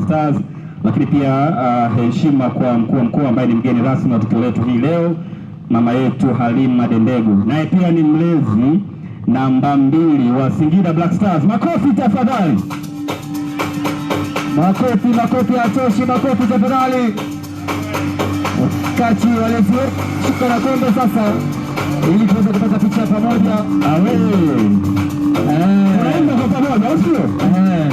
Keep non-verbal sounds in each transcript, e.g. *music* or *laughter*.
Stars, lakini pia uh, heshima kwa mkuu wa mkoa ambaye ni mgeni rasmi wa tukio letu hii leo, mama yetu Halima Dendegu, naye pia ni mlezi namba mbili wa Singida Black Stars. Makofi tafadhali, makofi, makofi atoshi, makofi tafadhali. Kachi walezi shuka na kombe sasa, ili tuweze kupata picha pamoja, awe eh, eh. kwa pamoja, au sio? Eh.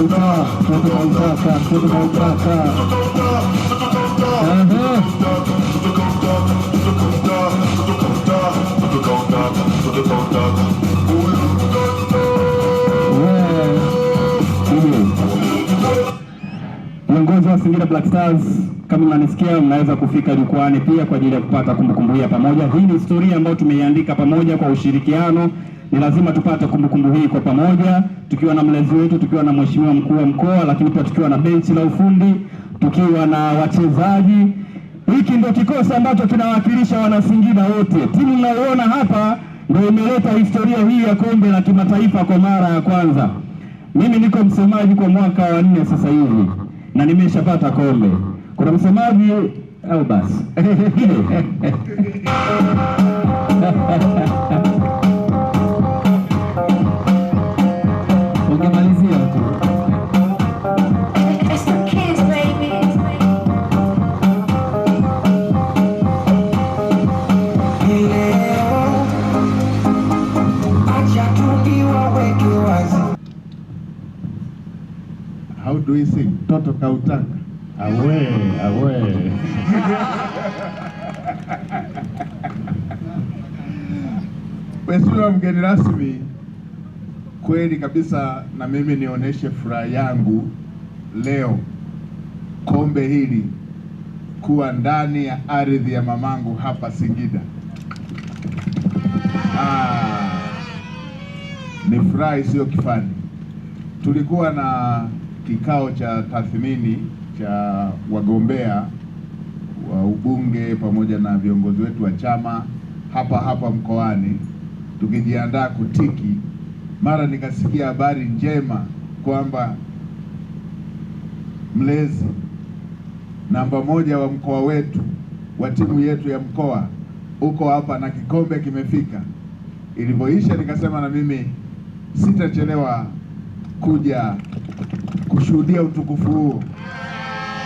Kaldırma, Viongozi wa Singida Black Stars, kama mnanisikia, mnaweza kufika jukwani pia kwa ajili ya kupata kumbukumbu hii pamoja. Hii ni historia ambayo tumeiandika pamoja kwa ushirikiano ni lazima tupate kumbukumbu hii kwa pamoja, tukiwa na mlezi wetu, tukiwa na mheshimiwa mkuu wa mkoa, lakini pia tukiwa na benchi la ufundi, tukiwa na wachezaji. Hiki ndio kikosi ambacho kinawakilisha Wanasingida wote. Timu mnayoona hapa ndio imeleta historia hii ya kombe la kimataifa kwa mara ya kwanza. Mimi niko msemaji kwa mwaka wa nne sasa hivi na nimeshapata kombe. Kuna msemaji au basi *laughs* How do we sing? Toto Kautaka. Awe, awe. *laughs* Mheshimiwa mgeni rasmi, kweli kabisa na mimi nionyeshe furaha yangu leo kombe hili kuwa ndani ya ardhi ya mamangu hapa Singida. Ah, ni furaha isiyo kifani. Tulikuwa na kikao cha tathmini cha wagombea wa ubunge pamoja na viongozi wetu wa chama hapa hapa mkoani, tukijiandaa kutiki, mara nikasikia habari njema kwamba mlezi namba moja wa mkoa wetu wa timu yetu ya mkoa uko hapa na kikombe kimefika. Ilivyoisha nikasema na mimi sitachelewa kuja kushuhudia utukufu huo.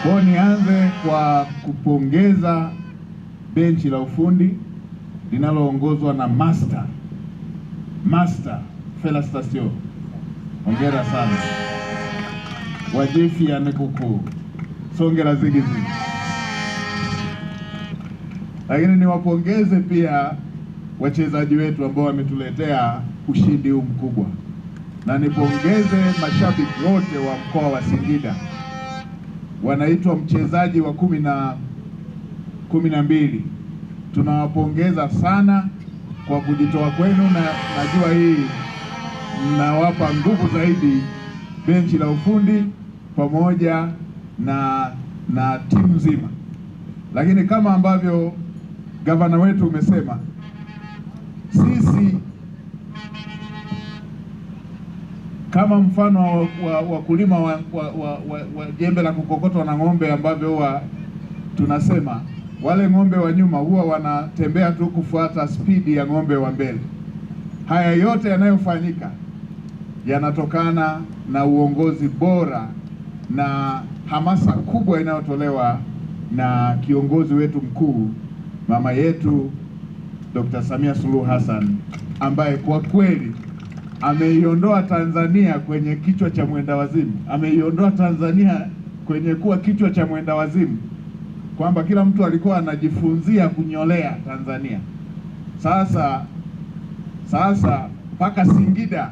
Kwa nianze kwa kupongeza benchi la ufundi linaloongozwa na master master Felastasio, hongera sana wajefi yanekuku songe la zigizigi. Lakini niwapongeze pia wachezaji wetu ambao wametuletea ushindi huu mkubwa na nipongeze mashabiki wote wa mkoa wa Singida, wanaitwa mchezaji wa kumi na kumi na mbili. Tunawapongeza sana kwa kujitoa kwenu, na najua hii mnawapa nguvu zaidi benchi la ufundi pamoja na na timu nzima, lakini kama ambavyo gavana wetu umesema, sisi kama mfano wa wakulima wa, wa, wa, wa, wa jembe la kukokotwa na ng'ombe ambavyo huwa tunasema wale ng'ombe wa nyuma huwa wanatembea tu kufuata spidi ya ng'ombe wa mbele. Haya yote yanayofanyika yanatokana na uongozi bora na hamasa kubwa inayotolewa na kiongozi wetu mkuu mama yetu Dr. Samia Suluhu Hassan ambaye kwa kweli ameiondoa Tanzania kwenye kichwa cha mwenda wazimu, ameiondoa Tanzania kwenye kuwa kichwa cha mwenda wazimu, kwamba kila mtu alikuwa anajifunzia kunyolea Tanzania. Sasa sasa mpaka Singida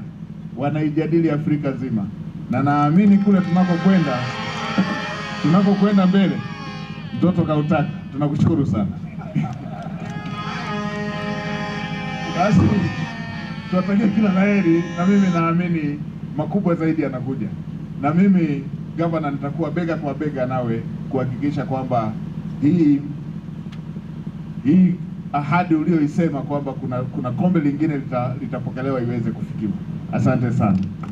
wanaijadili Afrika nzima, na naamini kule tunakokwenda tunakokwenda mbele, mtoto kautaka. Tunakushukuru sana *laughs* basi tuwatakie kila laheri, na mimi naamini makubwa zaidi yanakuja, na mimi gavana nitakuwa bega kwa bega nawe kuhakikisha kwamba hii hii ahadi ulioisema kwamba kuna, kuna kombe lingine litapokelewa lita iweze kufikiwa. Asante sana.